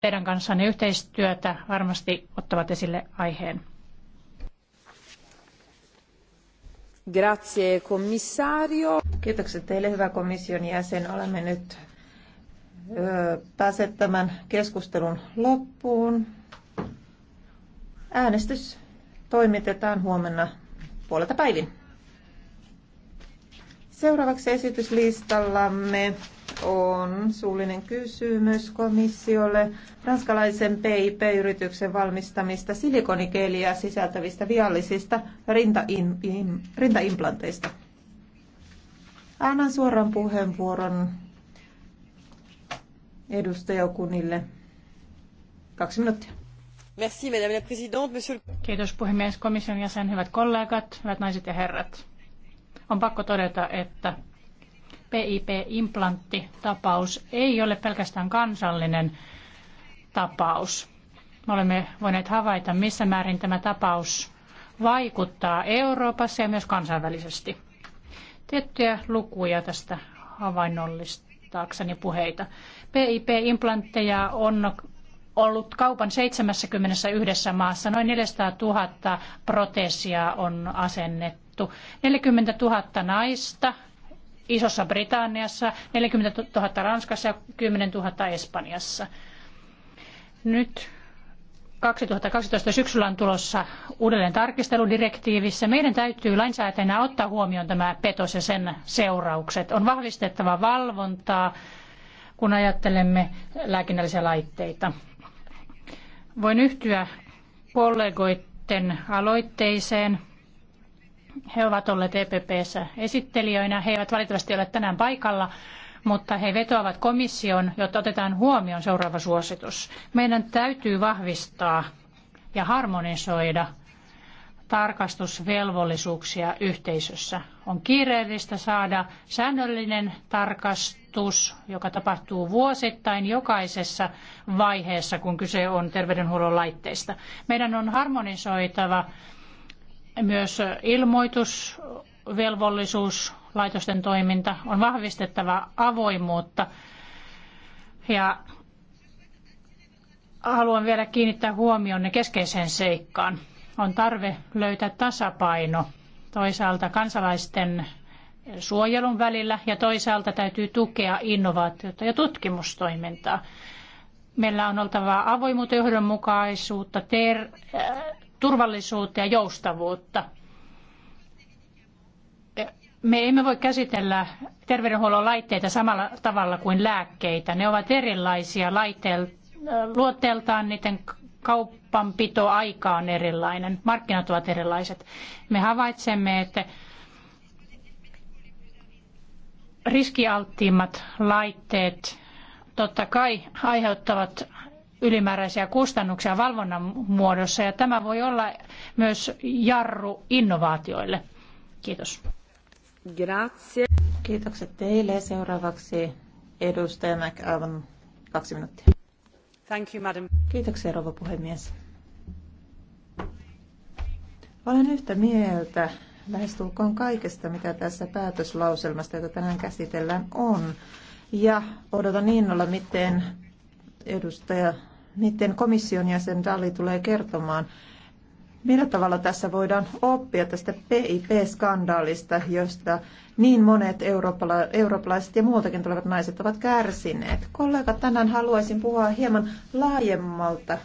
teidän kanssanne yhteistyötä. Varmasti ottavat esille aiheen. Grazie, komissario. Kiitokset teille, hyvä komission jäsen. Olemme nyt päässeet tämän keskustelun loppuun. Äänestys toimitetaan huomenna puolelta päivin. Seuraavaksi esityslistallamme on suullinen kysymys komissiolle ranskalaisen PIP-yrityksen valmistamista silikonikeliä sisältävistä viallisista rintaimplanteista. Annan suoran puheenvuoron edustajakunnille. Kaksi minuuttia. Merci, madame la présidente, monsieur... Kiitos puhemies, komission jäsen, hyvät kollegat, hyvät naiset ja herrat. On pakko todeta, että PIP-implanttitapaus ei ole pelkästään kansallinen tapaus. Me olemme voineet havaita, missä määrin tämä tapaus vaikuttaa Euroopassa ja myös kansainvälisesti. Tiettyjä lukuja tästä havainnollistaakseni puheita. PIP-implantteja on ollut kaupan 71 maassa. Noin 400 000 proteesia on asennettu. 40 000 naista Isossa Britanniassa, 40 000 Ranskassa ja 10 000 Espanjassa. Nyt 2012 syksyllä on tulossa uudelleen tarkisteludirektiivissä. Meidän täytyy lainsäätäjänä ottaa huomioon tämä petos ja sen seuraukset. On vahvistettava valvontaa, kun ajattelemme lääkinnällisiä laitteita. Voin yhtyä kollegoiden aloitteeseen he ovat olleet EPPssä esittelijöinä. He eivät valitettavasti ole tänään paikalla, mutta he vetoavat komission, jotta otetaan huomioon seuraava suositus. Meidän täytyy vahvistaa ja harmonisoida tarkastusvelvollisuuksia yhteisössä. On kiireellistä saada säännöllinen tarkastus, joka tapahtuu vuosittain jokaisessa vaiheessa, kun kyse on terveydenhuollon laitteista. Meidän on harmonisoitava myös ilmoitusvelvollisuus, laitosten toiminta on vahvistettava avoimuutta. Ja haluan vielä kiinnittää huomioon, ne keskeiseen seikkaan. On tarve löytää tasapaino toisaalta kansalaisten suojelun välillä ja toisaalta täytyy tukea innovaatiota ja tutkimustoimintaa. Meillä on oltava avoimuutta, johdonmukaisuutta, ter- äh, turvallisuutta ja joustavuutta. Me emme voi käsitellä terveydenhuollon laitteita samalla tavalla kuin lääkkeitä. Ne ovat erilaisia luotteeltaan, niiden kaupanpitoaika on erilainen, markkinat ovat erilaiset. Me havaitsemme, että riskialttiimmat laitteet totta kai aiheuttavat ylimääräisiä kustannuksia valvonnan muodossa ja tämä voi olla myös jarru innovaatioille. Kiitos. Grazie. Kiitokset teille. Seuraavaksi edustaja McAvan kaksi minuuttia. Thank you, madam. Kiitoksia, rouva puhemies. Olen yhtä mieltä lähestulkoon kaikesta, mitä tässä päätöslauselmasta, jota tänään käsitellään, on. Ja odotan innolla, miten edustaja, miten komission jäsen Dali tulee kertomaan, millä tavalla tässä voidaan oppia tästä PIP-skandaalista, josta niin monet eurooppala- eurooppalaiset ja muutakin tulevat naiset ovat kärsineet. Kollega, tänään haluaisin puhua hieman laajemmalta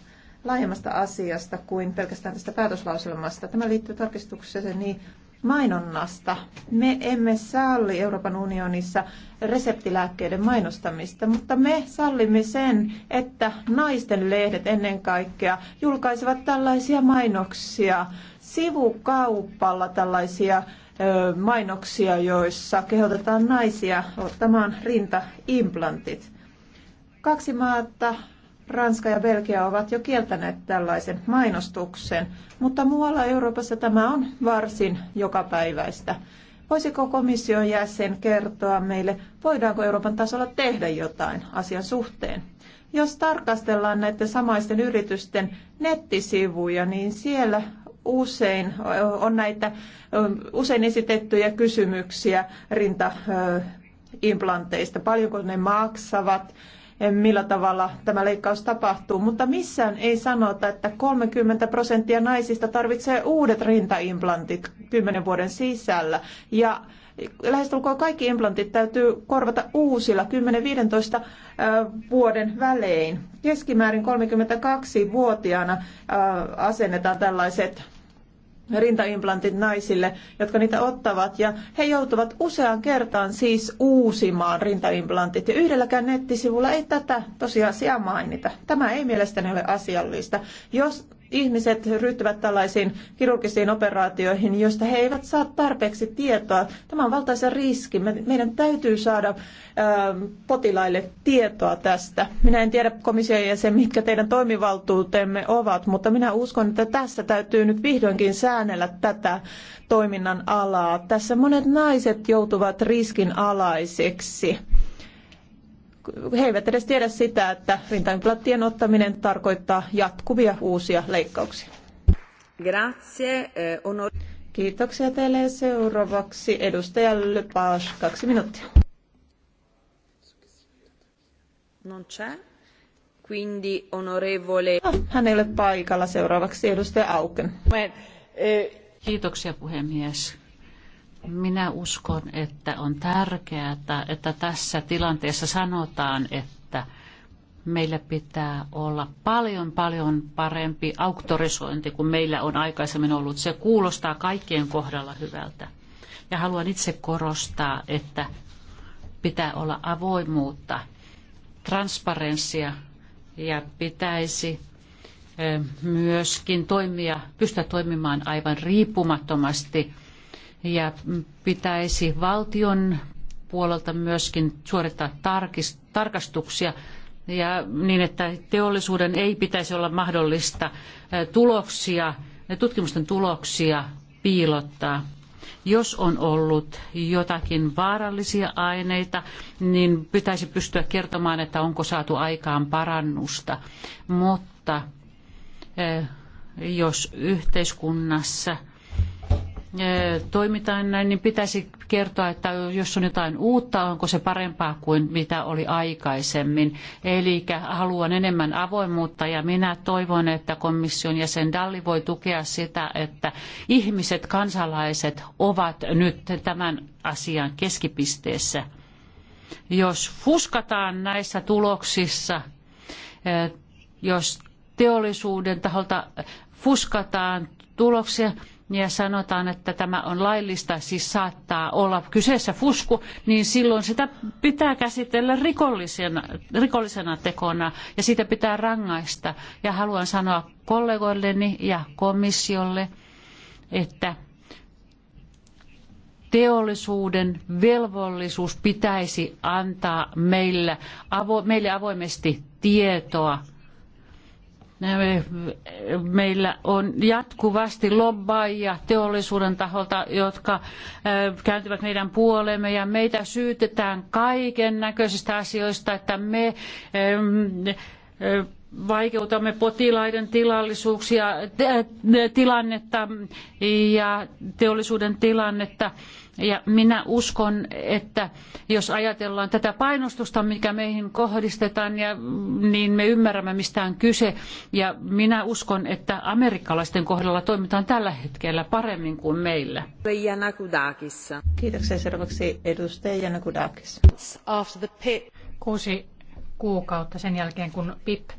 laajemmasta asiasta kuin pelkästään tästä päätöslauselmasta. Tämä liittyy tarkistukseen niin mainonnasta. Me emme salli Euroopan unionissa reseptilääkkeiden mainostamista, mutta me sallimme sen, että naisten lehdet ennen kaikkea julkaisevat tällaisia mainoksia, sivukauppalla tällaisia mainoksia, joissa kehotetaan naisia ottamaan rintaimplantit. Kaksi maata Ranska ja Belgia ovat jo kieltäneet tällaisen mainostuksen, mutta muualla Euroopassa tämä on varsin jokapäiväistä. Voisiko komission jäsen kertoa meille, voidaanko Euroopan tasolla tehdä jotain asian suhteen? Jos tarkastellaan näiden samaisten yritysten nettisivuja, niin siellä usein on näitä usein esitettyjä kysymyksiä rintaimplanteista. paljonko ne maksavat, millä tavalla tämä leikkaus tapahtuu, mutta missään ei sanota, että 30 prosenttia naisista tarvitsee uudet rintaimplantit 10 vuoden sisällä. Ja lähestulkoon kaikki implantit täytyy korvata uusilla 10-15 vuoden välein. Keskimäärin 32-vuotiaana asennetaan tällaiset rintaimplantit naisille, jotka niitä ottavat. Ja he joutuvat useaan kertaan siis uusimaan rintaimplantit. Ja yhdelläkään nettisivulla ei tätä tosiasiaa mainita. Tämä ei mielestäni ole asiallista. Jos ihmiset ryhtyvät tällaisiin kirurgisiin operaatioihin, joista he eivät saa tarpeeksi tietoa. Tämä on valtaisa riski. Meidän täytyy saada ähm, potilaille tietoa tästä. Minä en tiedä komission jäsen, mitkä teidän toimivaltuutemme ovat, mutta minä uskon, että tässä täytyy nyt vihdoinkin säännellä tätä toiminnan alaa. Tässä monet naiset joutuvat riskin alaiseksi he eivät edes tiedä sitä, että rintainplattien ottaminen tarkoittaa jatkuvia uusia leikkauksia. Grazie, eh, onor... Kiitoksia teille. Seuraavaksi edustaja Lepage, kaksi minuuttia. Non c'è. Quindi onorevole... Ah, hän ei ole paikalla. Seuraavaksi edustaja Auken. Kiitoksia puhemies. Minä uskon, että on tärkeää, että tässä tilanteessa sanotaan, että meillä pitää olla paljon paljon parempi auktorisointi kuin meillä on aikaisemmin ollut. Se kuulostaa kaikkien kohdalla hyvältä. Ja haluan itse korostaa, että pitää olla avoimuutta, transparenssia ja pitäisi eh, myöskin toimia, pystyä toimimaan aivan riippumattomasti ja pitäisi valtion puolelta myöskin suorittaa tarkastuksia ja niin, että teollisuuden ei pitäisi olla mahdollista tuloksia, tutkimusten tuloksia piilottaa. Jos on ollut jotakin vaarallisia aineita, niin pitäisi pystyä kertomaan, että onko saatu aikaan parannusta. Mutta jos yhteiskunnassa – toimitaan näin, niin pitäisi kertoa, että jos on jotain uutta, onko se parempaa kuin mitä oli aikaisemmin. Eli haluan enemmän avoimuutta ja minä toivon, että komission jäsen Dalli voi tukea sitä, että ihmiset, kansalaiset ovat nyt tämän asian keskipisteessä. Jos fuskataan näissä tuloksissa, jos teollisuuden taholta fuskataan tuloksia, ja sanotaan, että tämä on laillista, siis saattaa olla kyseessä fusku, niin silloin sitä pitää käsitellä rikollisena, rikollisena tekona ja siitä pitää rangaista. Ja haluan sanoa kollegoilleni ja komissiolle, että teollisuuden velvollisuus pitäisi antaa meille avoimesti tietoa meillä on jatkuvasti lobbaajia teollisuuden taholta, jotka kääntyvät meidän puolemme ja meitä syytetään kaiken näköisistä asioista, että me vaikeutamme potilaiden tilallisuuksia, tilannetta ja teollisuuden tilannetta. Ja minä uskon, että jos ajatellaan tätä painostusta, mikä meihin kohdistetaan, ja, niin me ymmärrämme, mistä on kyse. Ja minä uskon, että amerikkalaisten kohdalla toimitaan tällä hetkellä paremmin kuin meillä. Kiitoksia. Seuraavaksi edustaja Janakudakis. Kuusi kuukautta sen jälkeen, kun PIP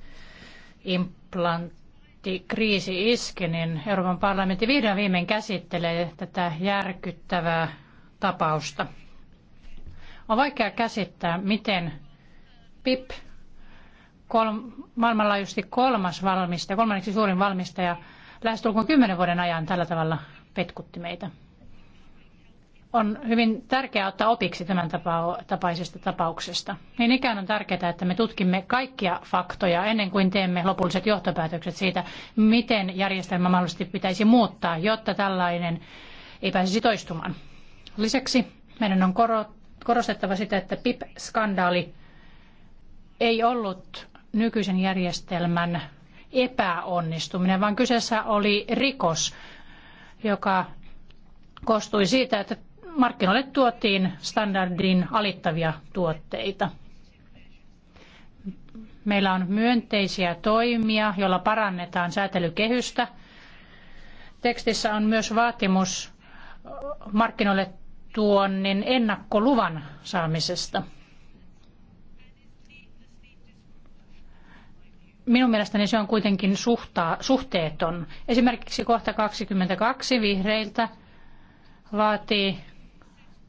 implantti kriisi iski, niin Euroopan parlamentti vihdoin viimein käsittelee tätä järkyttävää tapausta. On vaikea käsittää, miten PIP, kolm, maailmanlaajuisesti kolmas valmistaja, kolmanneksi suurin valmistaja, lähestulkoon kymmenen vuoden ajan tällä tavalla petkutti meitä. On hyvin tärkeää ottaa opiksi tämän tapaisesta tapauksesta. Niin ikään on tärkeää, että me tutkimme kaikkia faktoja ennen kuin teemme lopulliset johtopäätökset siitä, miten järjestelmä mahdollisesti pitäisi muuttaa, jotta tällainen ei pääsisi toistumaan. Lisäksi meidän on korostettava sitä, että PIP-skandaali ei ollut nykyisen järjestelmän epäonnistuminen, vaan kyseessä oli rikos, joka koostui siitä, että markkinoille tuotiin standardin alittavia tuotteita. Meillä on myönteisiä toimia, joilla parannetaan säätelykehystä. Tekstissä on myös vaatimus markkinoille tuonnin ennakkoluvan saamisesta. Minun mielestäni se on kuitenkin suhtaa, suhteeton. Esimerkiksi kohta 22 vihreiltä vaatii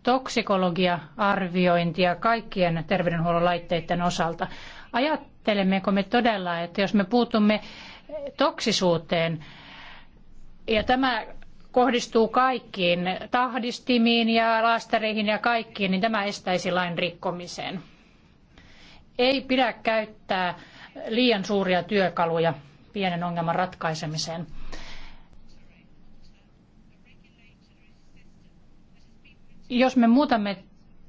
toksikologia-arviointia kaikkien terveydenhuollon laitteiden osalta. Ajattelemmeko me todella, että jos me puutumme toksisuuteen, ja tämä kohdistuu kaikkiin tahdistimiin ja laastareihin ja kaikkiin, niin tämä estäisi lain rikkomisen. Ei pidä käyttää liian suuria työkaluja pienen ongelman ratkaisemiseen. Jos me muutamme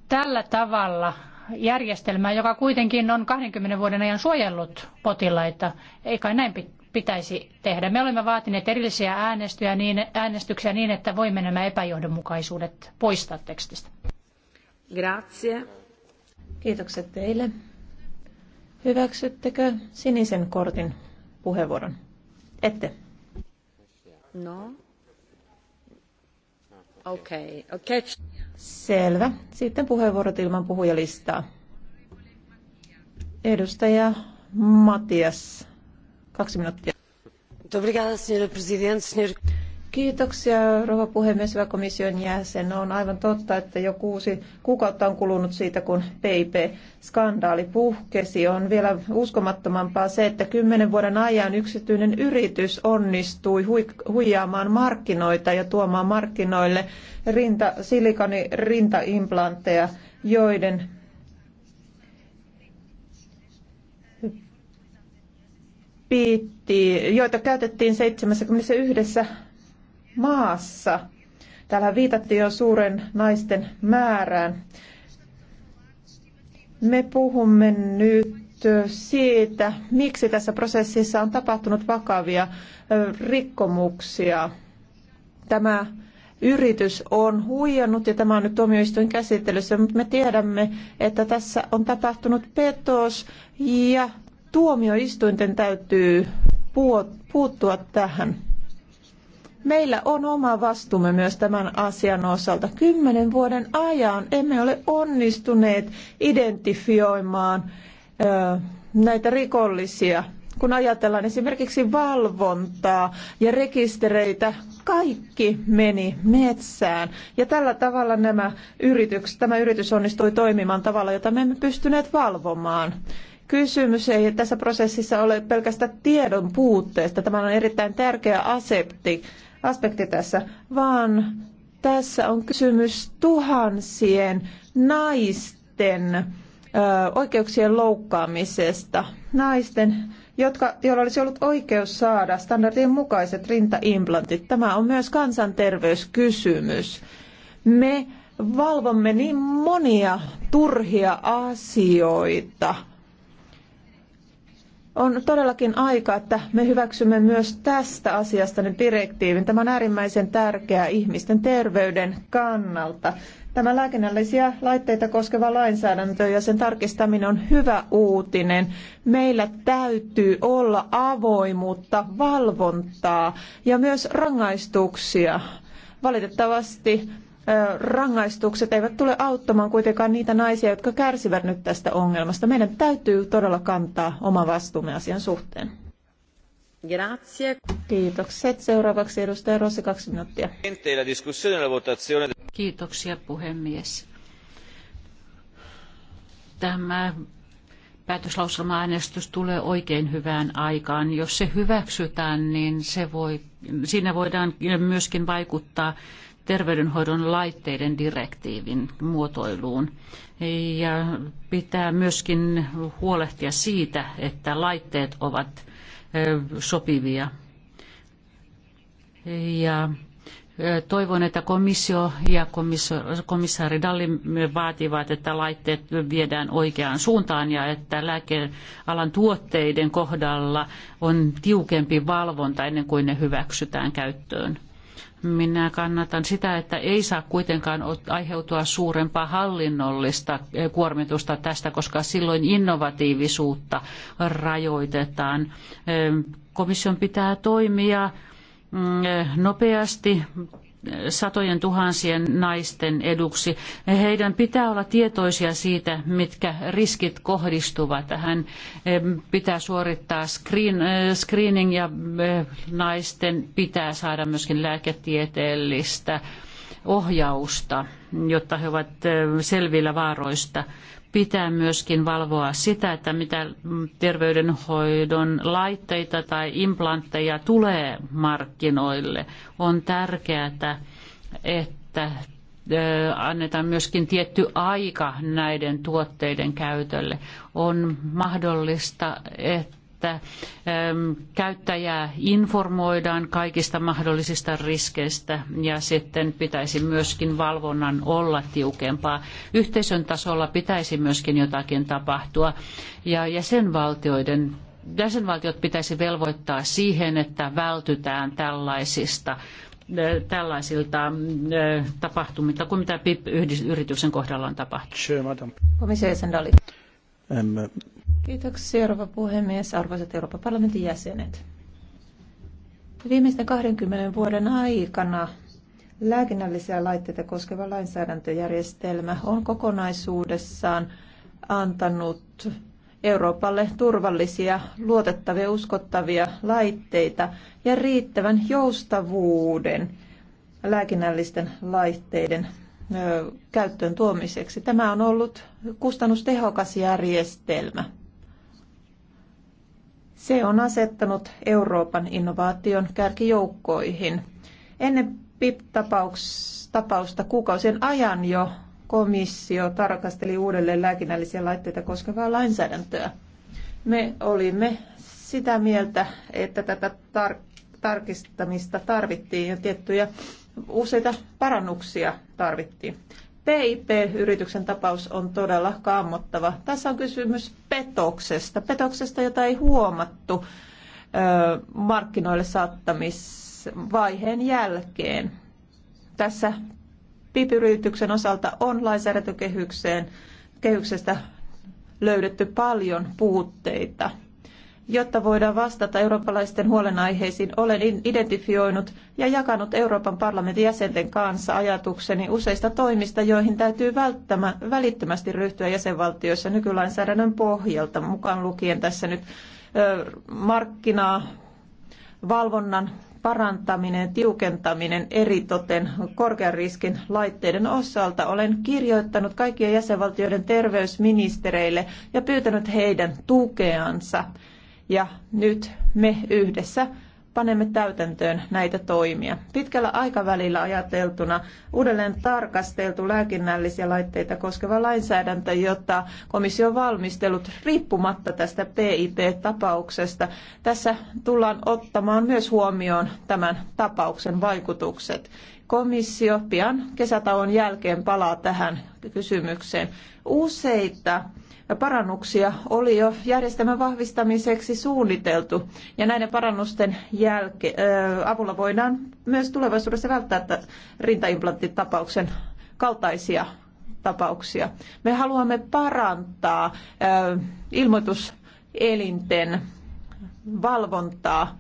tällä tavalla järjestelmää, joka kuitenkin on 20 vuoden ajan suojellut potilaita, ei kai näin pitäisi tehdä. Me olemme vaatineet erillisiä äänestyksiä niin, äänestyksiä niin että voimme nämä epäjohdonmukaisuudet poistaa tekstistä. Grazie. Kiitokset teille. Hyväksyttekö sinisen kortin puheenvuoron? Ette. No. Okei, okay. okei. Okay. Selvä. Sitten puheenvuorot ilman puhujalistaa. Edustaja Matias. Kaksi minuuttia. Kiitoksia, rouva puhemies, hyvä komission jäsen. On aivan totta, että jo kuusi kuukautta on kulunut siitä, kun PIP-skandaali puhkesi. On vielä uskomattomampaa se, että kymmenen vuoden ajan yksityinen yritys onnistui huijaamaan markkinoita ja tuomaan markkinoille rinta, silikoni rintaimplantteja, joiden piitti, joita käytettiin 71 maassa. Täällä viitattiin jo suuren naisten määrään. Me puhumme nyt siitä, miksi tässä prosessissa on tapahtunut vakavia rikkomuksia. Tämä yritys on huijannut ja tämä on nyt tuomioistuin käsittelyssä, mutta me tiedämme, että tässä on tapahtunut petos ja Tuomioistuinten täytyy puuttua tähän. Meillä on oma vastuumme myös tämän asian osalta. Kymmenen vuoden ajan emme ole onnistuneet identifioimaan näitä rikollisia. Kun ajatellaan esimerkiksi valvontaa ja rekistereitä, kaikki meni metsään. Ja tällä tavalla nämä yritykset, tämä yritys onnistui toimimaan tavalla, jota me emme pystyneet valvomaan. Kysymys ei tässä prosessissa ole pelkästään tiedon puutteesta, tämä on erittäin tärkeä asepti, aspekti tässä, vaan tässä on kysymys tuhansien naisten oikeuksien loukkaamisesta. Naisten, jotka, joilla olisi ollut oikeus saada standardien mukaiset rintaimplantit. Tämä on myös kansanterveyskysymys. Me valvomme niin monia turhia asioita on todellakin aika, että me hyväksymme myös tästä asiasta nyt direktiivin. Tämä on äärimmäisen tärkeää ihmisten terveyden kannalta. Tämä lääkinnällisiä laitteita koskeva lainsäädäntö ja sen tarkistaminen on hyvä uutinen. Meillä täytyy olla avoimuutta, valvontaa ja myös rangaistuksia. Valitettavasti rangaistukset eivät tule auttamaan kuitenkaan niitä naisia, jotka kärsivät nyt tästä ongelmasta. Meidän täytyy todella kantaa oma vastuumme asian suhteen. Grazie. Kiitokset. Seuraavaksi edustaja Rossi, kaksi minuuttia. E Kiitoksia puhemies. Tämä päätöslauselma-äänestys tulee oikein hyvään aikaan. Jos se hyväksytään, niin se voi, siinä voidaan myöskin vaikuttaa terveydenhoidon laitteiden direktiivin muotoiluun. Ja pitää myöskin huolehtia siitä, että laitteet ovat sopivia. Ja Toivon, että komissio ja komissaari Dalli vaativat, että laitteet viedään oikeaan suuntaan ja että lääkealan tuotteiden kohdalla on tiukempi valvonta ennen kuin ne hyväksytään käyttöön. Minä kannatan sitä, että ei saa kuitenkaan aiheutua suurempaa hallinnollista eh, kuormitusta tästä, koska silloin innovatiivisuutta rajoitetaan. Eh, komission pitää toimia mm, eh, nopeasti satojen tuhansien naisten eduksi. Heidän pitää olla tietoisia siitä, mitkä riskit kohdistuvat. Hän pitää suorittaa screen, eh, screening ja eh, naisten pitää saada myöskin lääketieteellistä ohjausta, jotta he ovat eh, selvillä vaaroista pitää myöskin valvoa sitä, että mitä terveydenhoidon laitteita tai implantteja tulee markkinoille. On tärkeää, että annetaan myöskin tietty aika näiden tuotteiden käytölle. On mahdollista, että että ähm, käyttäjää informoidaan kaikista mahdollisista riskeistä ja sitten pitäisi myöskin valvonnan olla tiukempaa. Yhteisön tasolla pitäisi myöskin jotakin tapahtua ja jäsenvaltioiden jäsenvaltiot pitäisi velvoittaa siihen, että vältytään tällaisista äh, tällaisilta äh, tapahtumilta kuin mitä PIP-yrityksen kohdalla on tapahtunut. Kiitoksia, rouva puhemies, arvoisat Euroopan parlamentin jäsenet. Viimeisten 20 vuoden aikana lääkinnällisiä laitteita koskeva lainsäädäntöjärjestelmä on kokonaisuudessaan antanut Euroopalle turvallisia, luotettavia, uskottavia laitteita ja riittävän joustavuuden lääkinnällisten laitteiden käyttöön tuomiseksi. Tämä on ollut kustannustehokas järjestelmä. Se on asettanut Euroopan innovaation kärkijoukkoihin. Ennen PIP-tapausta kuukausien ajan jo komissio tarkasteli uudelleen lääkinnällisiä laitteita koskevaa lainsäädäntöä. Me olimme sitä mieltä, että tätä tar- tarkistamista tarvittiin ja tiettyjä useita parannuksia tarvittiin. PIP-yrityksen tapaus on todella kammottava. Tässä on kysymys petoksesta, petoksesta, jota ei huomattu markkinoille saattamisvaiheen jälkeen. Tässä PIP-yrityksen osalta on lainsäädäntökehyksestä löydetty paljon puutteita – Jotta voidaan vastata eurooppalaisten huolenaiheisiin, olen identifioinut ja jakanut Euroopan parlamentin jäsenten kanssa ajatukseni useista toimista, joihin täytyy välittömästi ryhtyä jäsenvaltioissa nykylainsäädännön pohjalta, mukaan lukien tässä nyt markkinaa, valvonnan parantaminen, tiukentaminen eritoten korkean riskin laitteiden osalta. Olen kirjoittanut kaikkien jäsenvaltioiden terveysministereille ja pyytänyt heidän tukeansa ja nyt me yhdessä panemme täytäntöön näitä toimia. Pitkällä aikavälillä ajateltuna uudelleen tarkasteltu lääkinnällisiä laitteita koskeva lainsäädäntö, jotta on valmistelut riippumatta tästä PIP-tapauksesta, tässä tullaan ottamaan myös huomioon tämän tapauksen vaikutukset. Komissio pian kesätauon jälkeen palaa tähän kysymykseen. Useita parannuksia oli jo järjestelmän vahvistamiseksi suunniteltu. Ja näiden parannusten jälke, avulla voidaan myös tulevaisuudessa välttää rintaimplanttitapauksen kaltaisia tapauksia. Me haluamme parantaa ilmoituselinten valvontaa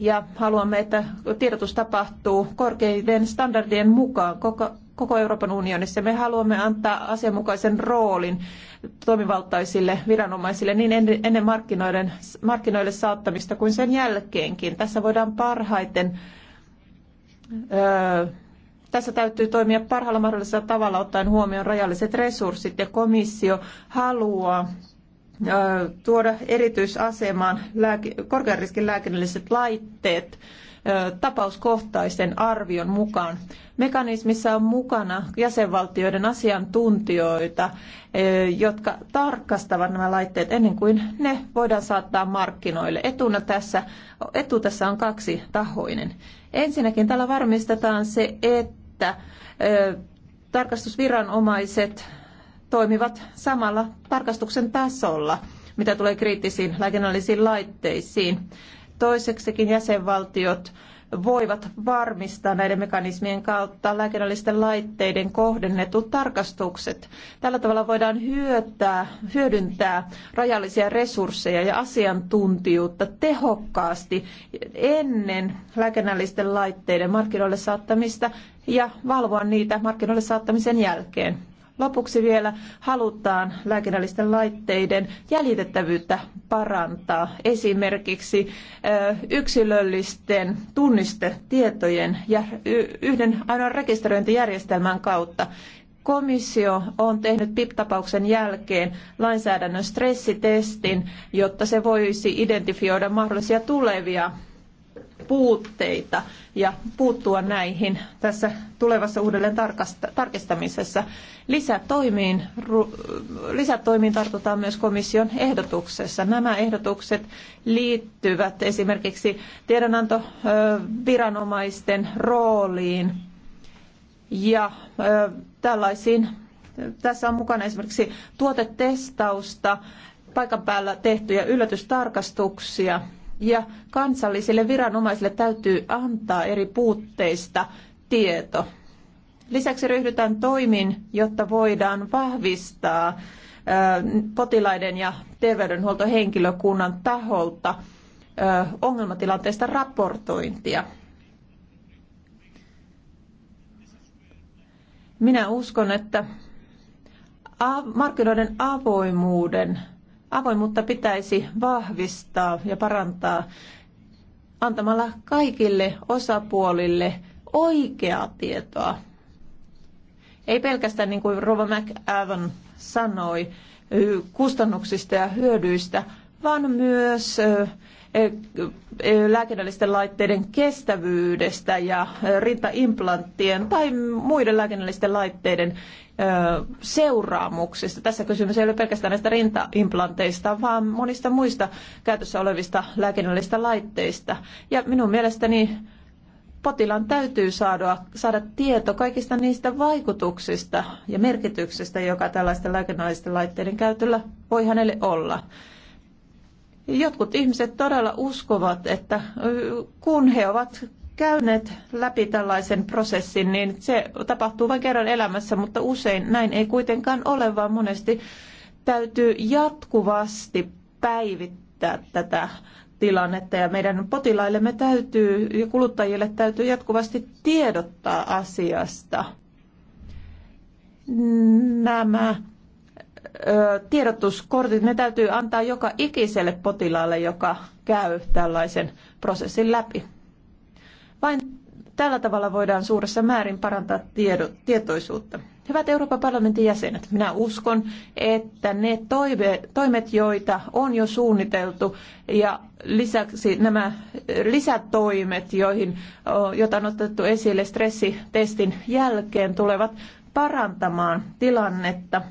ja haluamme, että tiedotus tapahtuu korkeiden standardien mukaan koko koko Euroopan unionissa. Me haluamme antaa asianmukaisen roolin toimivaltaisille viranomaisille niin ennen markkinoiden, markkinoille saattamista kuin sen jälkeenkin. Tässä voidaan parhaiten, öö, tässä täytyy toimia parhaalla mahdollisella tavalla ottaen huomioon rajalliset resurssit ja komissio haluaa öö, tuoda erityisasemaan lääke, korkean riskin lääkinnälliset laitteet tapauskohtaisen arvion mukaan. Mekanismissa on mukana jäsenvaltioiden asiantuntijoita, jotka tarkastavat nämä laitteet ennen kuin ne voidaan saattaa markkinoille. Etuna tässä, etu tässä on kaksi tahoinen. Ensinnäkin tällä varmistetaan se, että tarkastusviranomaiset toimivat samalla tarkastuksen tasolla, mitä tulee kriittisiin lääkinnällisiin laitteisiin. Toiseksikin jäsenvaltiot voivat varmistaa näiden mekanismien kautta lääkinnällisten laitteiden kohdennetut tarkastukset. Tällä tavalla voidaan hyötää, hyödyntää rajallisia resursseja ja asiantuntijuutta tehokkaasti ennen lääkinnällisten laitteiden markkinoille saattamista ja valvoa niitä markkinoille saattamisen jälkeen. Lopuksi vielä halutaan lääkinnällisten laitteiden jäljitettävyyttä parantaa esimerkiksi yksilöllisten tunnistetietojen ja yhden ainoan rekisteröintijärjestelmän kautta komissio on tehnyt PIP-tapauksen jälkeen lainsäädännön stressitestin, jotta se voisi identifioida mahdollisia tulevia puutteita ja puuttua näihin tässä tulevassa uudelleen tarkistamisessa. Lisätoimiin, lisätoimiin tartutaan myös komission ehdotuksessa. Nämä ehdotukset liittyvät esimerkiksi tiedonantoviranomaisten rooliin ja tällaisiin tässä on mukana esimerkiksi tuotetestausta, paikan päällä tehtyjä yllätystarkastuksia ja kansallisille viranomaisille täytyy antaa eri puutteista tieto. Lisäksi ryhdytään toimiin, jotta voidaan vahvistaa potilaiden ja terveydenhuoltohenkilökunnan taholta ongelmatilanteista raportointia. Minä uskon, että markkinoiden avoimuuden Avoimuutta pitäisi vahvistaa ja parantaa antamalla kaikille osapuolille oikeaa tietoa. Ei pelkästään niin kuin Rova McAvan sanoi, kustannuksista ja hyödyistä, vaan myös lääkinnällisten laitteiden kestävyydestä ja rintaimplanttien tai muiden lääkinnällisten laitteiden seuraamuksista. Tässä kysymys ei ole pelkästään näistä rintaimplanteista, vaan monista muista käytössä olevista lääkinnällisistä laitteista. Ja minun mielestäni potilaan täytyy saada, saada tieto kaikista niistä vaikutuksista ja merkityksistä, joka tällaisten lääkinnällisten laitteiden käytöllä voi hänelle olla. Jotkut ihmiset todella uskovat, että kun he ovat käyneet läpi tällaisen prosessin, niin se tapahtuu vain kerran elämässä, mutta usein näin ei kuitenkaan ole, vaan monesti täytyy jatkuvasti päivittää tätä tilannetta ja meidän potilaillemme täytyy ja kuluttajille täytyy jatkuvasti tiedottaa asiasta. Nämä tiedotuskortit, ne täytyy antaa joka ikiselle potilaalle, joka käy tällaisen prosessin läpi. Vain tällä tavalla voidaan suuressa määrin parantaa tiedot, tietoisuutta. Hyvät Euroopan parlamentin jäsenet, minä uskon, että ne toive, toimet, joita on jo suunniteltu ja lisäksi nämä lisätoimet, joihin, joita on otettu esille stressitestin jälkeen, tulevat parantamaan tilannetta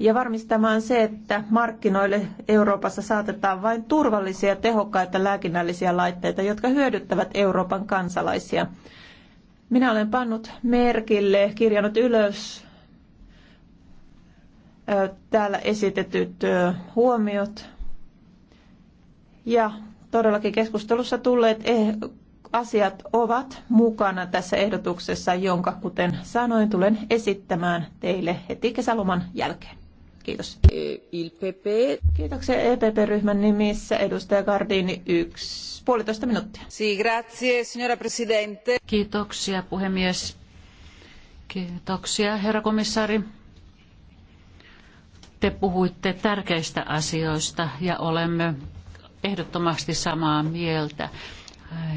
ja varmistamaan se, että markkinoille Euroopassa saatetaan vain turvallisia, tehokkaita lääkinnällisiä laitteita, jotka hyödyttävät Euroopan kansalaisia. Minä olen pannut merkille, kirjannut ylös täällä esitetyt huomiot ja todellakin keskustelussa tulleet eh, asiat ovat mukana tässä ehdotuksessa, jonka kuten sanoin, tulen esittämään teille heti kesäloman jälkeen. Kiitos. Kiitoksia EPP-ryhmän nimissä. Edustaja Gardini, yksi puolitoista minuuttia. Si, grazie, signora presidente. Kiitoksia, puhemies. Kiitoksia, herra komissaari. Te puhuitte tärkeistä asioista ja olemme ehdottomasti samaa mieltä.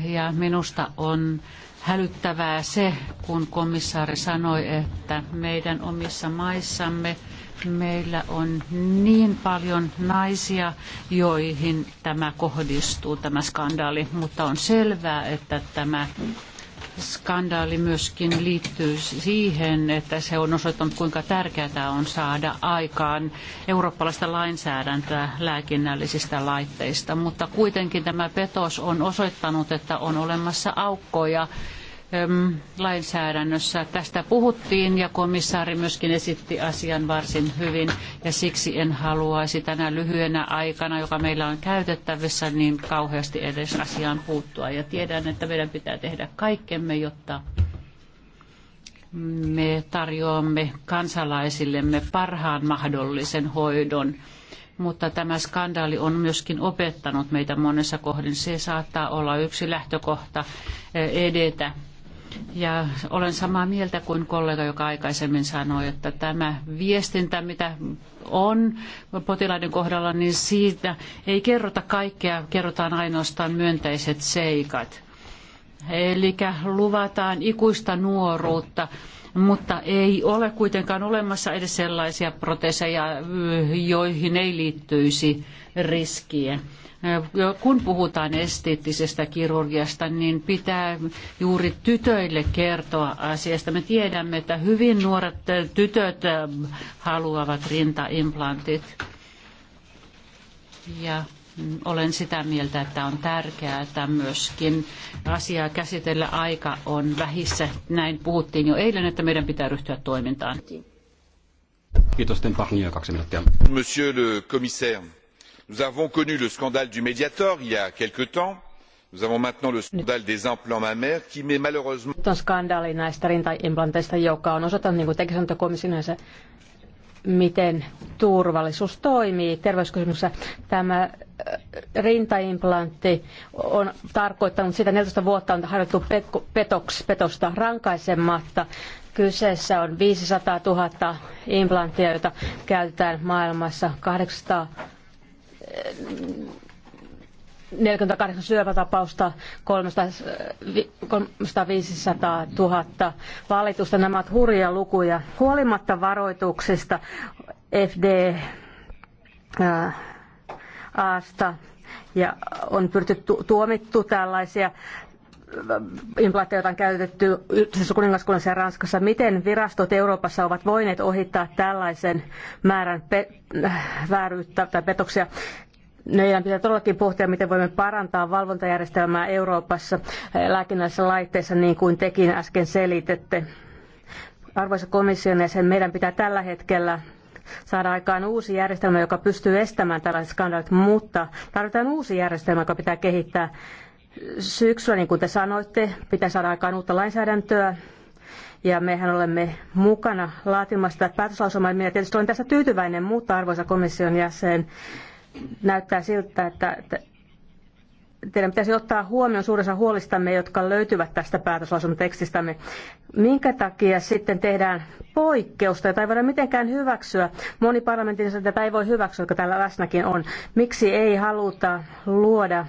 Ja minusta on hälyttävää se, kun komissaari sanoi, että meidän omissa maissamme – meillä on niin paljon naisia, joihin tämä kohdistuu, tämä skandaali, mutta on selvää, että tämä skandaali myöskin liittyy siihen, että se on osoittanut, kuinka tärkeää on saada aikaan eurooppalaista lainsäädäntöä lääkinnällisistä laitteista. Mutta kuitenkin tämä petos on osoittanut, että on olemassa aukkoja lainsäädännössä. Tästä puhuttiin ja komissaari myöskin esitti asian varsin hyvin ja siksi en haluaisi tänä lyhyenä aikana, joka meillä on käytettävissä, niin kauheasti edes asiaan puuttua. Ja tiedän, että meidän pitää tehdä kaikkemme, jotta me tarjoamme kansalaisillemme parhaan mahdollisen hoidon. Mutta tämä skandaali on myöskin opettanut meitä monessa kohdin. Se saattaa olla yksi lähtökohta edetä ja olen samaa mieltä kuin kollega, joka aikaisemmin sanoi, että tämä viestintä, mitä on potilaiden kohdalla, niin siitä ei kerrota kaikkea, kerrotaan ainoastaan myönteiset seikat. Eli luvataan ikuista nuoruutta, mutta ei ole kuitenkaan olemassa edes sellaisia proteseja, joihin ei liittyisi riskiä kun puhutaan esteettisestä kirurgiasta, niin pitää juuri tytöille kertoa asiasta. Me tiedämme, että hyvin nuoret tytöt haluavat rintaimplantit. Ja olen sitä mieltä, että on tärkeää, että myöskin asiaa käsitellä aika on vähissä. Näin puhuttiin jo eilen, että meidän pitää ryhtyä toimintaan. Kiitos, Sten Monsieur le commissaire, nous avons connu le scandale du mediator il y a quelque temps nous avons maintenant le scandale des implants mammaires qui met malheureusement. skandaali näistä joka on osoittanut niin kuin tekisantokomissinensa, miten turvallisuus toimii terveyskysymyksessä. Tämä äh, rintaimplantti on tarkoittanut sitä 14 vuotta on harjoitettu petoks, petosta rankaisematta. Kyseessä on 500 000 implanttia, joita käytetään maailmassa 800 48 syöpätapausta, 300 000 valitusta. Nämä ovat hurjia lukuja. Huolimatta varoituksista FD Aasta ja on pyrty tuomittu tällaisia joita on käytetty kuningaskunnassa ja Ranskassa. Miten virastot Euroopassa ovat voineet ohittaa tällaisen määrän pe- vääryyttä tai petoksia? Meidän pitää todellakin pohtia, miten voimme parantaa valvontajärjestelmää Euroopassa lääkinnällisissä laitteissa, niin kuin tekin äsken selitette. Arvoisa komission jäsen, meidän pitää tällä hetkellä saada aikaan uusi järjestelmä, joka pystyy estämään tällaiset skandaalit, mutta tarvitaan uusi järjestelmä, joka pitää kehittää syksyllä, niin kuin te sanoitte, pitää saada aikaan uutta lainsäädäntöä. Ja mehän olemme mukana laatimassa tätä päätöslausumaa. Minä tietysti olen tässä tyytyväinen, mutta arvoisa komission jäsen, näyttää siltä, että teidän pitäisi ottaa huomioon suurensa huolistamme, jotka löytyvät tästä tekstistämme. Minkä takia sitten tehdään poikkeusta, jota ei voida mitenkään hyväksyä? Moni parlamentin tätä ei voi hyväksyä, joka täällä läsnäkin on. Miksi ei haluta luoda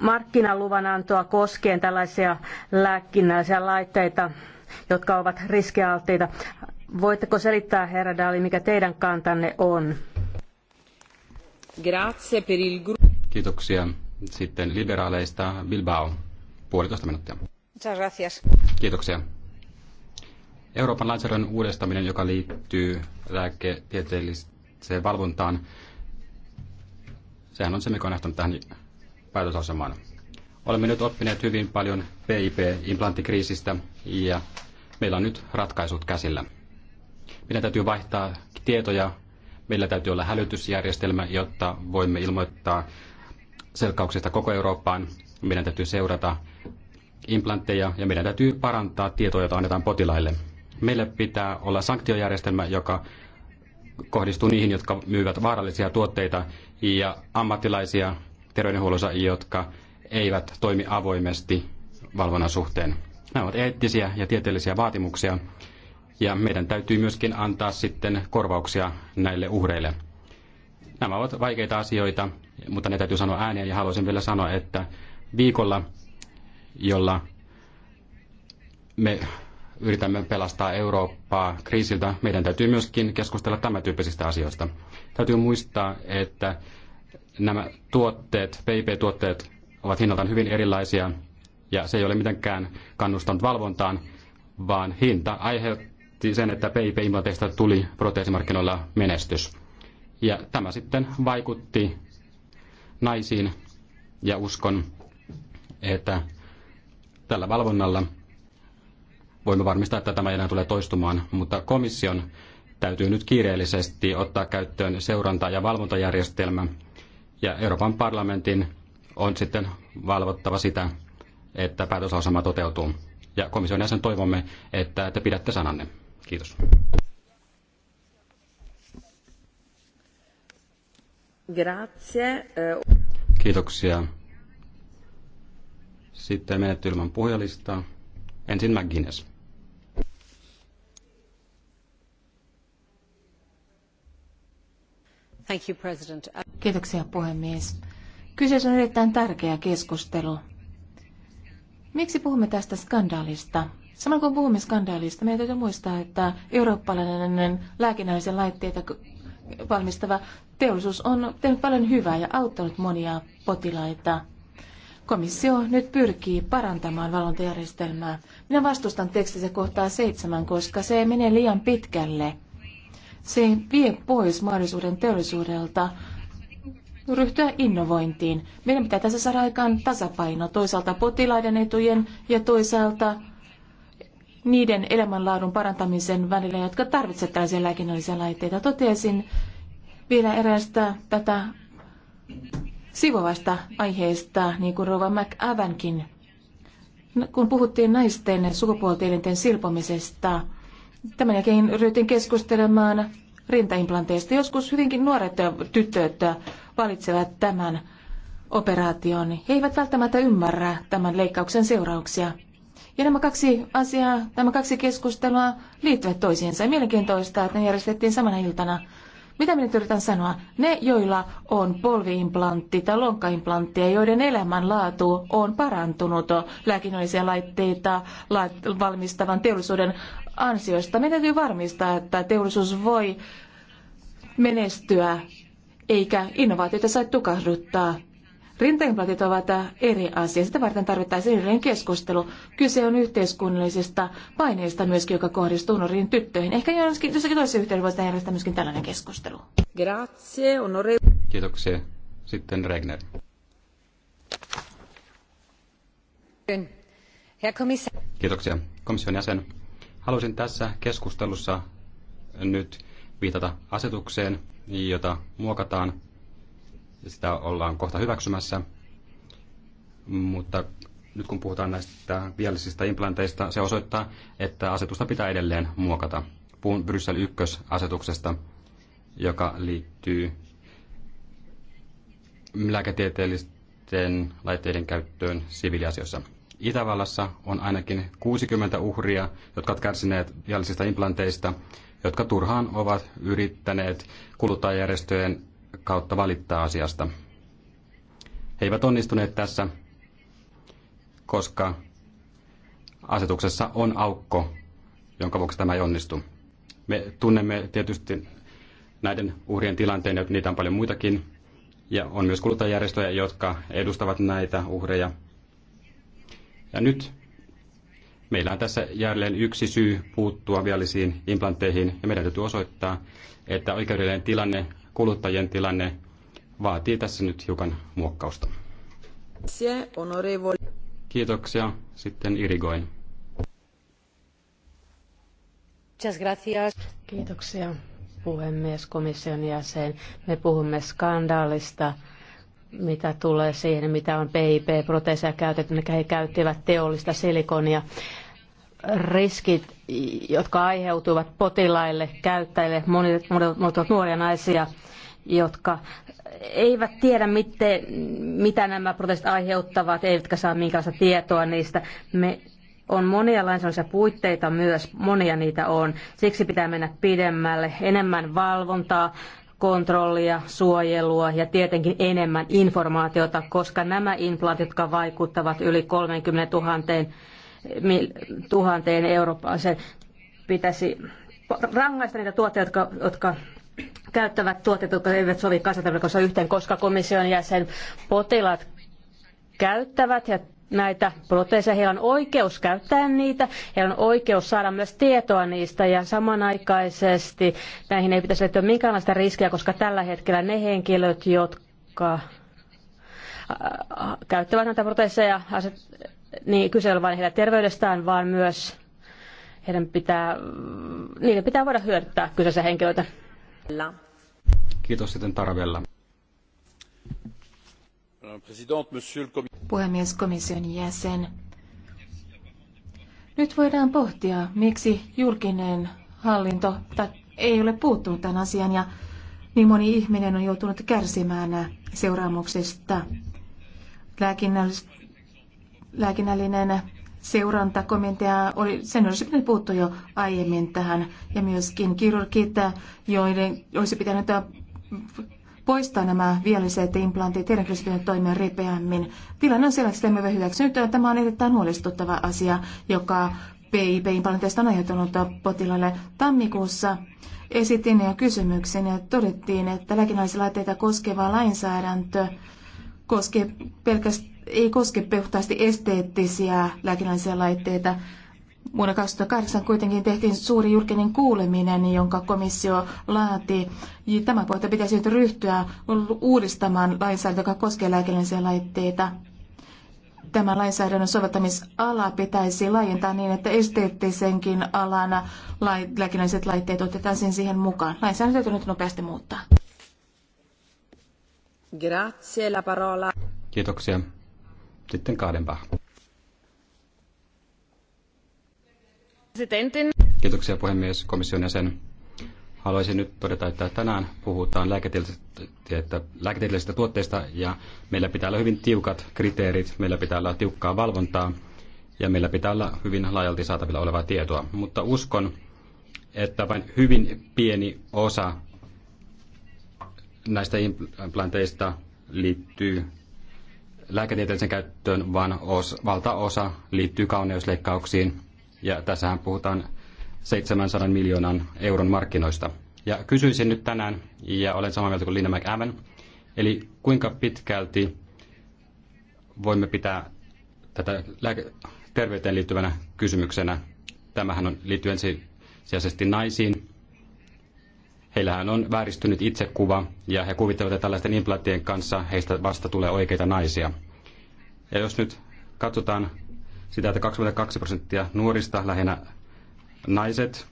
markkinaluvanantoa koskien tällaisia lääkinnällisiä laitteita, jotka ovat riskialttiita. Voitteko selittää, herra Dali, mikä teidän kantanne on? Grazie per il gru- Kiitoksia. Sitten liberaaleista Bilbao. Puolitoista minuuttia. Muchas gracias. Kiitoksia. Euroopan lainsäädännön uudistaminen, joka liittyy lääketieteelliseen valvontaan, sehän on se, mikä on johtanut tähän päätösaseman. Olemme nyt oppineet hyvin paljon PIP-implanttikriisistä ja meillä on nyt ratkaisut käsillä. Meidän täytyy vaihtaa tietoja, meillä täytyy olla hälytysjärjestelmä, jotta voimme ilmoittaa selkkauksista koko Eurooppaan. Meidän täytyy seurata implantteja ja meidän täytyy parantaa tietoja, joita annetaan potilaille. Meillä pitää olla sanktiojärjestelmä, joka kohdistuu niihin, jotka myyvät vaarallisia tuotteita ja ammattilaisia, terveydenhuollossa, jotka eivät toimi avoimesti valvonnan suhteen. Nämä ovat eettisiä ja tieteellisiä vaatimuksia, ja meidän täytyy myöskin antaa sitten korvauksia näille uhreille. Nämä ovat vaikeita asioita, mutta ne täytyy sanoa ääneen, ja haluaisin vielä sanoa, että viikolla, jolla me yritämme pelastaa Eurooppaa kriisiltä, meidän täytyy myöskin keskustella tämän tyyppisistä asioista. Täytyy muistaa, että nämä tuotteet, PIP-tuotteet, ovat hinnaltaan hyvin erilaisia, ja se ei ole mitenkään kannustanut valvontaan, vaan hinta aiheutti sen, että PIP-implanteista tuli proteesimarkkinoilla menestys. Ja tämä sitten vaikutti naisiin, ja uskon, että tällä valvonnalla voimme varmistaa, että tämä ei enää tule toistumaan, mutta komission täytyy nyt kiireellisesti ottaa käyttöön seuranta- ja valvontajärjestelmä, ja Euroopan parlamentin on sitten valvottava sitä, että päätöslausema toteutuu. Ja komission jäsen toivomme, että te pidätte sananne. Kiitos. Grazie. Kiitoksia. Sitten menet ilman puhujalistaa. Ensin McGuinness. Thank you, President. Kiitoksia puhemies. Kyseessä on erittäin tärkeä keskustelu. Miksi puhumme tästä skandaalista? Samalla kun puhumme skandaalista, meidän täytyy muistaa, että eurooppalainen lääkinnällisiä laitteita valmistava teollisuus on tehnyt paljon hyvää ja auttanut monia potilaita. Komissio nyt pyrkii parantamaan valvontajärjestelmää. Minä vastustan tekstissä kohtaa seitsemän, koska se menee liian pitkälle. Se vie pois mahdollisuuden teollisuudelta ryhtyä innovointiin. Meidän pitää tässä saada aikaan tasapaino toisaalta potilaiden etujen ja toisaalta niiden elämänlaadun parantamisen välillä, jotka tarvitsevat tällaisia lääkinnällisiä laitteita. Totesin vielä eräästä tätä sivuvasta aiheesta, niin kuin Rova McAvankin. Kun puhuttiin naisten sukupuoltielinten silpomisesta, Tämän jälkeen ryhtyin keskustelemaan rintaimplanteista. Joskus hyvinkin nuoret tytöt valitsevat tämän operaation. He eivät välttämättä ymmärrä tämän leikkauksen seurauksia. Ja nämä kaksi asiaa, nämä kaksi keskustelua liittyvät toisiinsa. Mielenkiintoista, että ne järjestettiin samana iltana. Mitä minä yritän sanoa? Ne, joilla on polviimplantti tai lonkkaimplantti ja joiden elämänlaatu on parantunut lääkinnällisiä laitteita valmistavan teollisuuden ansiosta. Meidän täytyy varmistaa, että teollisuus voi menestyä eikä innovaatioita saa tukahduttaa. Rinteenplatit ovat eri asia. Sitä varten tarvittaisiin erillinen keskustelu. Kyse on yhteiskunnallisista paineista myöskin, joka kohdistuu nuoriin tyttöihin. Ehkä jossakin, jossakin toisessa yhteydessä voisi järjestää myöskin tällainen keskustelu. Grazie, onore. Kiitoksia. Sitten Regner. Kiitoksia. Komission jäsen. Haluaisin tässä keskustelussa nyt viitata asetukseen, jota muokataan. Sitä ollaan kohta hyväksymässä. Mutta nyt kun puhutaan näistä viallisista implanteista, se osoittaa, että asetusta pitää edelleen muokata. Puhun Bryssel 1-asetuksesta, joka liittyy lääketieteellisten laitteiden käyttöön siviiliasioissa. Itävallassa on ainakin 60 uhria, jotka ovat kärsineet viallisista implanteista, jotka turhaan ovat yrittäneet kuluttajajärjestöjen kautta valittaa asiasta. He eivät onnistuneet tässä, koska asetuksessa on aukko, jonka vuoksi tämä ei onnistu. Me tunnemme tietysti näiden uhrien tilanteen, ja niitä on paljon muitakin, ja on myös kuluttajajärjestöjä, jotka edustavat näitä uhreja – ja nyt meillä on tässä jälleen yksi syy puuttua viallisiin implantteihin ja meidän täytyy osoittaa, että oikeudellinen tilanne, kuluttajien tilanne vaatii tässä nyt hiukan muokkausta. Kiitoksia. Sitten Irigoin. Kiitoksia puhemies, komission jäsen. Me puhumme skandaalista, mitä tulee siihen, mitä on PIP-proteeseja käytetty, mikä he käyttivät teollista silikonia. Riskit, jotka aiheutuivat potilaille, käyttäjille, monet, monet nuoria naisia, jotka eivät tiedä, miten, mitä nämä protestit aiheuttavat, eivätkä saa minkälaista tietoa niistä. Me on monia lainsäädännöllisiä puitteita myös, monia niitä on. Siksi pitää mennä pidemmälle, enemmän valvontaa, kontrollia, suojelua ja tietenkin enemmän informaatiota, koska nämä implantit, jotka vaikuttavat yli 30 000, tuhanteen eurooppalaiseen, pitäisi rangaista niitä tuotteita, jotka, jotka käyttävät tuotteita, jotka eivät sovi kansanterveyden kanssa yhteen, koska komission jäsen potilaat käyttävät ja näitä proteeseja, heillä on oikeus käyttää niitä, heillä on oikeus saada myös tietoa niistä ja samanaikaisesti näihin ei pitäisi liittyä minkäänlaista riskiä, koska tällä hetkellä ne henkilöt, jotka käyttävät näitä proteeseja, niin kyse ei ole vain heidän terveydestään, vaan myös heidän pitää, niiden pitää voida hyödyttää kyseisiä henkilöitä. Kiitos sitten Tarvella. Puhemies, komission jäsen. Nyt voidaan pohtia, miksi julkinen hallinto ei ole puuttunut tämän asian ja niin moni ihminen on joutunut kärsimään seuraamuksista. Lääkinnällinen seurantakomitea, oli, sen olisi pitänyt puuttua jo aiemmin tähän, ja myöskin kirurgit, joiden olisi pitänyt poistaa nämä vialliset implantit, teidän olisi pitänyt toimia ripeämmin. Tilanne on sellainen, että emme hyväksynyt. Tämä on erittäin huolestuttava asia, joka PIP-implanteista on aiheutunut potilaalle tammikuussa. Esitin jo kysymyksen ja todettiin, että lääkinnällisiä koskeva lainsäädäntö koskee pelkästään ei koske puhtaasti esteettisiä lääkinnällisiä laitteita, Vuonna 2008 kuitenkin tehtiin suuri julkinen kuuleminen, jonka komissio laati. Tämä puolta pitäisi nyt ryhtyä uudistamaan lainsäädäntö, joka koskee lääkinnällisiä laitteita. Tämän lainsäädännön soveltamisala pitäisi laajentaa niin, että esteettisenkin alana lääkinnälliset laitteet otetaan siihen mukaan. Lainsäädäntö täytyy nyt nopeasti muuttaa. Grazie, la parola. Kiitoksia. Sitten Kaadenbach. Kiitoksia puhemies, komission jäsen. Haluaisin nyt todeta, että tänään puhutaan lääketieteellisistä, lääketieteellisistä tuotteista ja meillä pitää olla hyvin tiukat kriteerit, meillä pitää olla tiukkaa valvontaa ja meillä pitää olla hyvin laajalti saatavilla olevaa tietoa. Mutta uskon, että vain hyvin pieni osa näistä implanteista liittyy lääketieteellisen käyttöön, vaan os, valtaosa liittyy kauneusleikkauksiin ja tässähän puhutaan 700 miljoonan euron markkinoista. Ja kysyisin nyt tänään, ja olen samaa mieltä kuin Linda McAven, eli kuinka pitkälti voimme pitää tätä lääke- terveyteen liittyvänä kysymyksenä. Tämähän on liittyen ensisijaisesti naisiin. Heillähän on vääristynyt itsekuva ja he kuvittelevat, että tällaisten implanttien kanssa heistä vasta tulee oikeita naisia. Ja jos nyt katsotaan sitä, että 22 prosenttia nuorista, lähinnä naiset,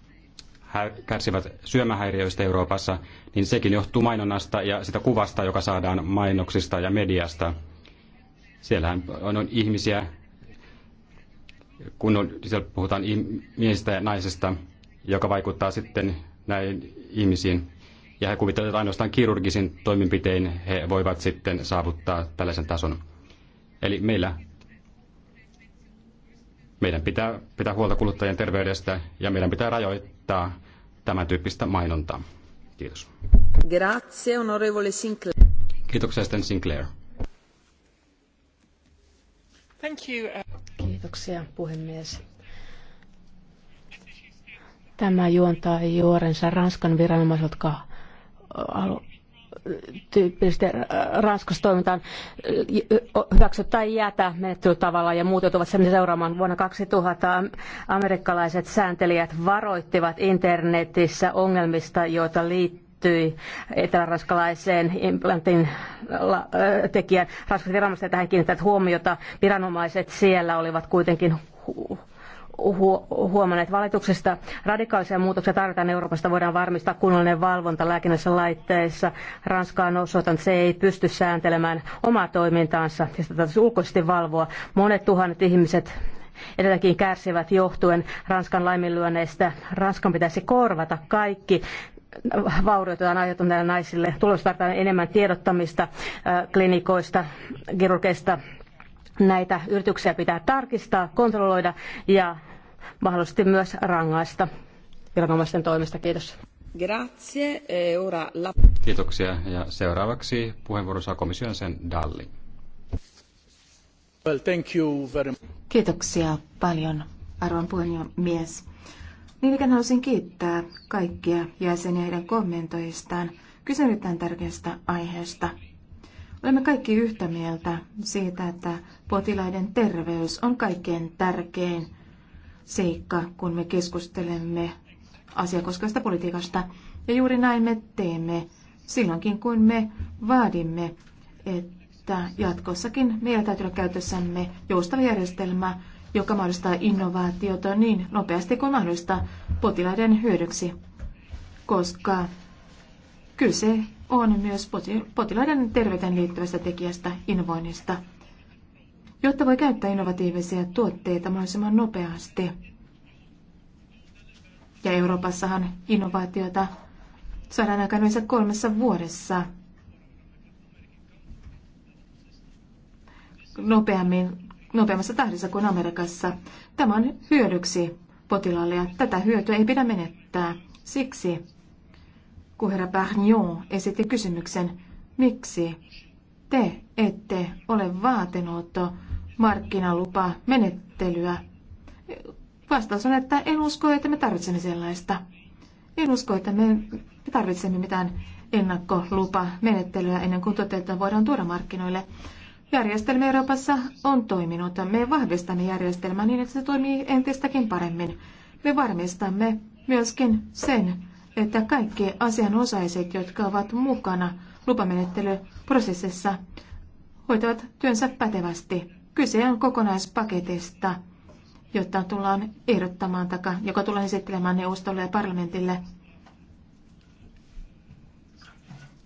kärsivät syömähäiriöistä Euroopassa, niin sekin johtuu mainonnasta ja sitä kuvasta, joka saadaan mainoksista ja mediasta. Siellähän on, ihmisiä, kun on, siellä puhutaan miehistä ja naisista, joka vaikuttaa sitten näihin ihmisiin. Ja he kuvittelevat, että ainoastaan kirurgisin toimenpitein he voivat sitten saavuttaa tällaisen tason. Eli meillä meidän pitää pitää huolta kuluttajien terveydestä ja meidän pitää rajoittaa tämän tyyppistä mainontaa. Kiitos. Grazie, onorevole Sinclair. Kiitoksia, Sten Sinclair. Thank you. Uh, Kiitoksia, puhemies. Tämä juontaa juorensa Ranskan viranomaiset, jotka tyyppisesti Ranskassa toimitaan hyväksyä tai jätä menettelytavalla ja muut joutuvat sen seuraamaan. Vuonna 2000 amerikkalaiset sääntelijät varoittivat internetissä ongelmista, joita liittyy liittyi eteläranskalaiseen implantin tekijän Ranskan viranomaiset tähän kiinnittävät huomiota. Viranomaiset siellä olivat kuitenkin huomanneet valituksesta. Radikaalisia muutoksia tarvitaan Euroopasta. Voidaan varmistaa kunnollinen valvonta lääkinnässä laitteissa. Ranska on osoittanut, että se ei pysty sääntelemään omaa toimintaansa ja sitä täytyisi ulkoisesti valvoa. Monet tuhannet ihmiset edelläkin kärsivät johtuen Ranskan laiminlyönneistä. Ranskan pitäisi korvata kaikki vauriot, joita on aiheutunut näille naisille. Tulossa tarvitaan enemmän tiedottamista klinikoista, kirurgeista, näitä yrityksiä pitää tarkistaa, kontrolloida ja mahdollisesti myös rangaista viranomaisten toimesta. Kiitos. Grazie. E, ora la... Kiitoksia. Ja seuraavaksi puheenvuoro saa komission sen Dalli. Well, thank you very... Kiitoksia paljon, arvon puhemies. Niin ikään haluaisin kiittää kaikkia jäseniä heidän kommentoistaan. Kyse erittäin tärkeästä aiheesta. Olemme kaikki yhtä mieltä siitä, että potilaiden terveys on kaikkein tärkein seikka, kun me keskustelemme asiakoskaista politiikasta. Ja juuri näin me teemme silloinkin, kun me vaadimme, että jatkossakin meillä täytyy olla käytössämme joustava järjestelmä, joka mahdollistaa innovaatiota niin nopeasti kuin mahdollista potilaiden hyödyksi, koska Kyse on myös potilaiden terveyteen liittyvästä tekijästä, innovoinnista, jotta voi käyttää innovatiivisia tuotteita mahdollisimman nopeasti. Ja Euroopassahan innovaatiota saadaan aikaan yleensä kolmessa vuodessa. Nopeammin, nopeammassa tahdissa kuin Amerikassa. Tämä on hyödyksi potilaalle ja tätä hyötyä ei pidä menettää. Siksi kun herra Barnion esitti kysymyksen, miksi te ette ole vaatenut markkinalupa menettelyä. Vastaus on, että en usko, että me tarvitsemme sellaista. En usko, että me tarvitsemme mitään ennakkolupa menettelyä ennen kuin toteutetaan voidaan tuoda markkinoille. Järjestelmä Euroopassa on toiminut. Me vahvistamme järjestelmää niin, että se toimii entistäkin paremmin. Me varmistamme myöskin sen, että kaikki asianosaiset, jotka ovat mukana lupamenettelyprosessissa, hoitavat työnsä pätevästi. Kyse on kokonaispaketista, jota tullaan ehdottamaan taka, joka tullaan esittelemään neuvostolle ja parlamentille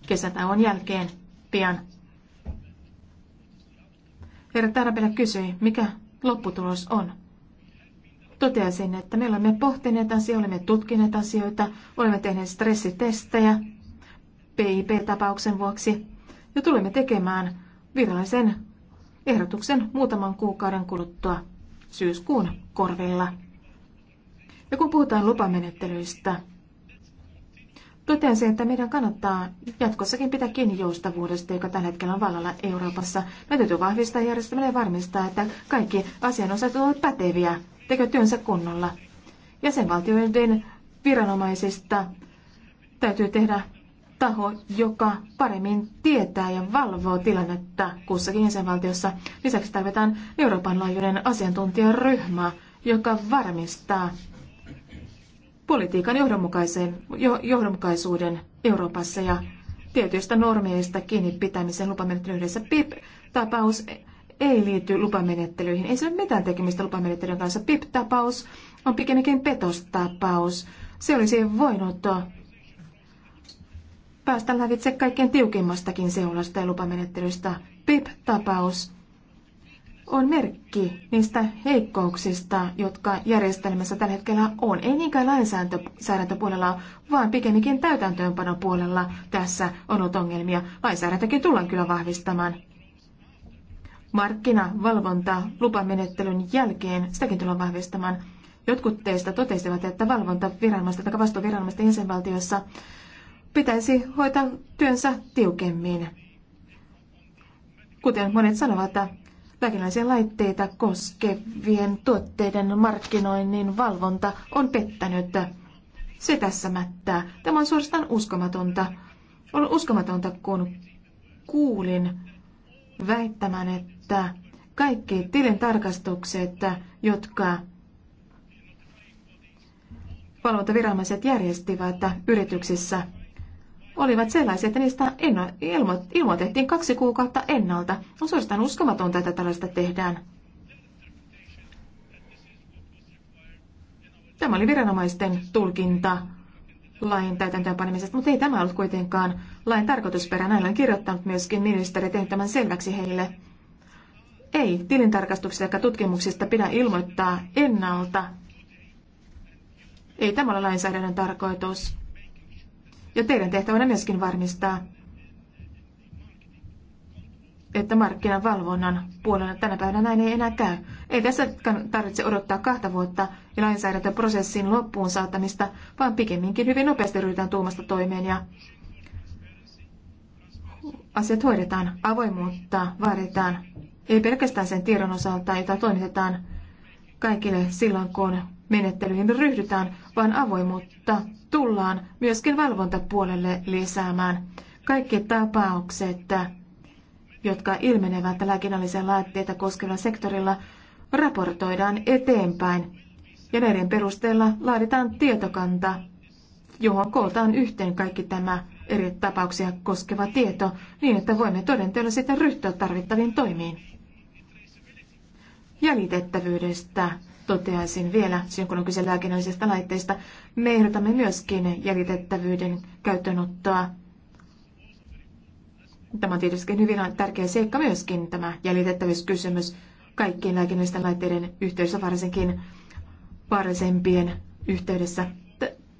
kesätauon jälkeen pian. Herra Tarabella kysyi, mikä lopputulos on toteaisin, että me olemme pohtineet asioita, olemme tutkineet asioita, olemme tehneet stressitestejä PIP-tapauksen vuoksi ja tulemme tekemään virallisen ehdotuksen muutaman kuukauden kuluttua syyskuun korvilla. Ja kun puhutaan lupamenettelyistä, totean sen, että meidän kannattaa jatkossakin pitää kiinni joustavuudesta, joka tällä hetkellä on vallalla Euroopassa. Meidän täytyy vahvistaa järjestelmää ja varmistaa, että kaikki asianosaiset ovat päteviä tekö työnsä kunnolla. Jäsenvaltioiden viranomaisista täytyy tehdä taho, joka paremmin tietää ja valvoo tilannetta kussakin jäsenvaltiossa. Lisäksi tarvitaan Euroopan laajuinen asiantuntijaryhmä, joka varmistaa politiikan johdonmukaisen, johdonmukaisuuden Euroopassa ja tietyistä normeista kiinni pitämisen lupamenettelyydessä. PIP-tapaus ei liity lupamenettelyihin. Ei se ole mitään tekemistä lupamenettelyn kanssa. PIP-tapaus on pikemminkin petostapaus. Se olisi voinut päästä lävitse kaikkein tiukimmastakin seulasta ja lupamenettelystä. PIP-tapaus on merkki niistä heikkouksista, jotka järjestelmässä tällä hetkellä on. Ei niinkään lainsäädäntöpuolella, vaan pikemminkin täytäntöönpanopuolella puolella tässä on ollut ongelmia. Lainsäädäntökin tullaan kyllä vahvistamaan markkinavalvonta lupamenettelyn jälkeen, sitäkin tullaan vahvistamaan. Jotkut teistä totesivat, että valvontaviranomaisten tai vastuuviranomaista jäsenvaltiossa pitäisi hoitaa työnsä tiukemmin. Kuten monet sanovat, lääkinnällisiä laitteita koskevien tuotteiden markkinoinnin valvonta on pettänyt. Se tässä mättää. Tämä on suorastaan uskomatonta. On uskomatonta, kun kuulin väittämään, että että kaikki tilintarkastukset, jotka valvontaviranomaiset järjestivät yrityksissä, olivat sellaisia, että niistä ilmo- ilmoitettiin kaksi kuukautta ennalta. On suorastaan uskomatonta, että tällaista tehdään. Tämä oli viranomaisten tulkinta lain täytäntöönpanemisesta, mutta ei tämä ollut kuitenkaan lain tarkoitusperä. Näillä on kirjoittanut myöskin ministeri tehnyt tämän selväksi heille ei tilintarkastuksista ja tutkimuksista pidä ilmoittaa ennalta. Ei tämä ole lainsäädännön tarkoitus. Ja teidän tehtävänä myöskin varmistaa, että markkinavalvonnan puolella tänä päivänä näin ei enää käy. Ei tässä tarvitse odottaa kahta vuotta ja lainsäädäntöprosessin loppuun saattamista, vaan pikemminkin hyvin nopeasti ryhdytään tuumasta toimeen ja asiat hoidetaan, avoimuutta vaaditaan ei pelkästään sen tiedon osalta, jota toimitetaan kaikille silloin, kun menettelyihin ryhdytään, vaan avoimuutta tullaan myöskin valvontapuolelle lisäämään. Kaikki tapaukset, jotka ilmenevät lääkinnällisiä laitteita koskevalla sektorilla, raportoidaan eteenpäin ja näiden perusteella laaditaan tietokanta, johon kootaan yhteen kaikki tämä eri tapauksia koskeva tieto niin, että voimme todenteella sitten ryhtyä tarvittaviin toimiin. Jäljitettävyydestä toteaisin vielä, silloin kun on kyse lääkinnällisistä laitteista, me ehdotamme myöskin jäljitettävyyden käyttöönottoa. Tämä on tietysti hyvin tärkeä seikka myöskin, tämä jäljitettävyyskysymys kaikkien lääkinnällisten laitteiden yhteydessä, varsinkin vaarallisempien yhteydessä.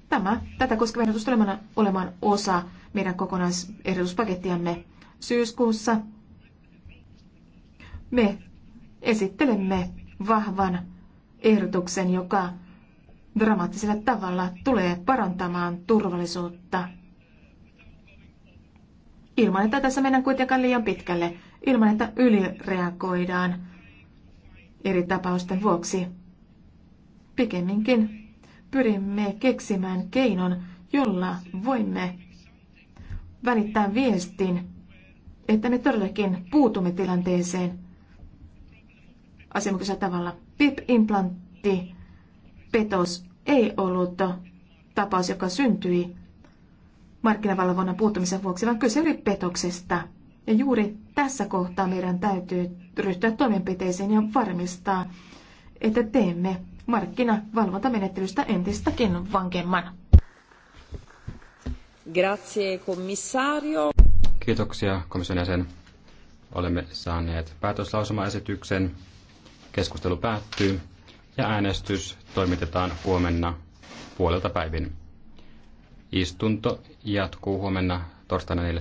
Tämä, tätä koskeva ehdotus tulee olemaan osa meidän kokonaisehdotuspakettiamme syyskuussa. Me esittelemme vahvan ehdotuksen, joka dramaattisella tavalla tulee parantamaan turvallisuutta. Ilman, että tässä mennään kuitenkaan liian pitkälle, ilman, että ylireagoidaan eri tapausten vuoksi. Pikemminkin pyrimme keksimään keinon, jolla voimme välittää viestin, että me todellakin puutumme tilanteeseen – asianmukaisella tavalla. PIP-implantti petos ei ollut tapaus, joka syntyi markkinavalvonnan puuttumisen vuoksi, vaan kyse oli petoksesta. Ja juuri tässä kohtaa meidän täytyy ryhtyä toimenpiteisiin ja varmistaa, että teemme markkinavalvontamenettelystä entistäkin vankemman. Grazie, komissario. Kiitoksia komission jäsen. Olemme saaneet päätöslausumaesityksen Keskustelu päättyy ja äänestys toimitetaan huomenna puolelta päivin. Istunto jatkuu huomenna torstaina 4.